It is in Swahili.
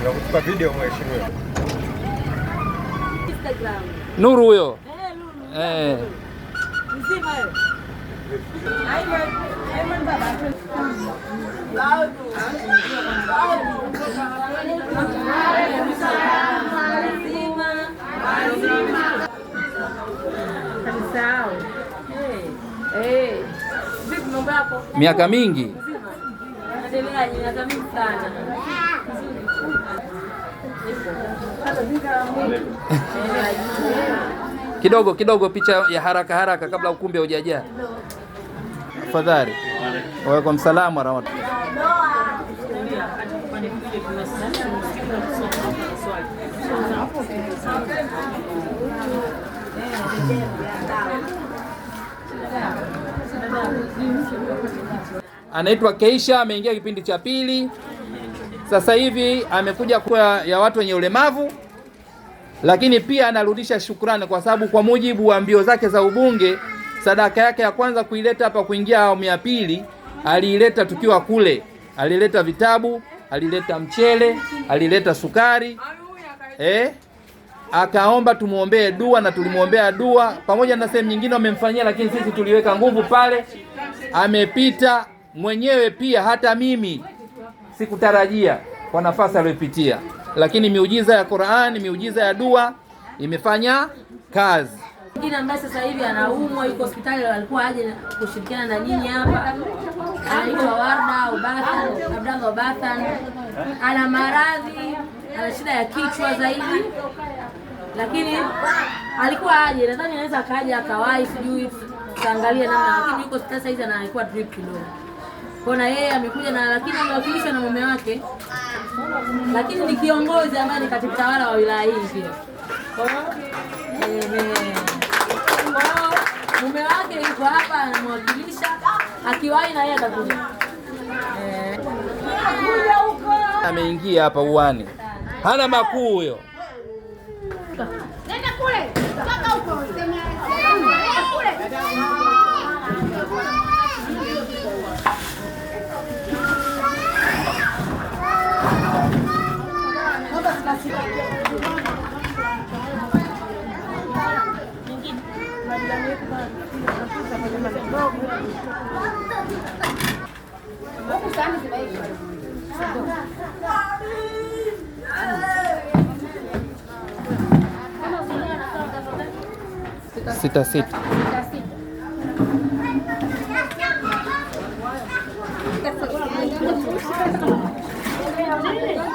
video mheshimiwa. Instagram. Nuru huyo. Eh. Mzima Miaka mingi. Miaka mingi sana kidogo kidogo, picha ya haraka haraka kabla ukumbi haujajaa. Tafadhali. Waalaikum salaam wa rahmatullah. Anaitwa Keisha, ameingia kipindi cha pili sasa hivi, amekuja kwa ya watu wenye ulemavu lakini pia anarudisha shukrani, kwa sababu kwa mujibu wa mbio zake za ubunge, sadaka yake ya kwanza kuileta hapa kuingia awamu ya pili aliileta tukiwa kule, alileta vitabu, alileta mchele, alileta sukari eh? Akaomba tumuombee dua na tulimwombea dua pamoja na sehemu nyingine wamemfanyia, lakini sisi tuliweka nguvu pale. Amepita mwenyewe pia, hata mimi sikutarajia kwa nafasi aliyopitia lakini miujiza ya Qur'an, miujiza ya dua imefanya kazi. Mwingine ambaye sasa hivi anaumwa yuko hospitali, alikuwa aje kushirikiana na nyinyi hapa, anaitwa Warda Ubathan, Abdallah Ubathan, ana maradhi, ana shida ya kichwa zaidi lakini alikuwa aje, nadhani anaweza akaja akawahi, sijui tutaangalia namna, lakini yuko sasa hivi analikuwa drip kidogo, kwa na yeye amekuja na, lakini amewakilisha na mume wake lakini ni kiongozi ambaye ni katibu tawala wa wilaya hii pia. Mume wake yuko hapa anamwakilisha, akiwahi na yeye atakuja. Ameingia hapa uani, hana makuu huyo. Sita sita. Sita sit.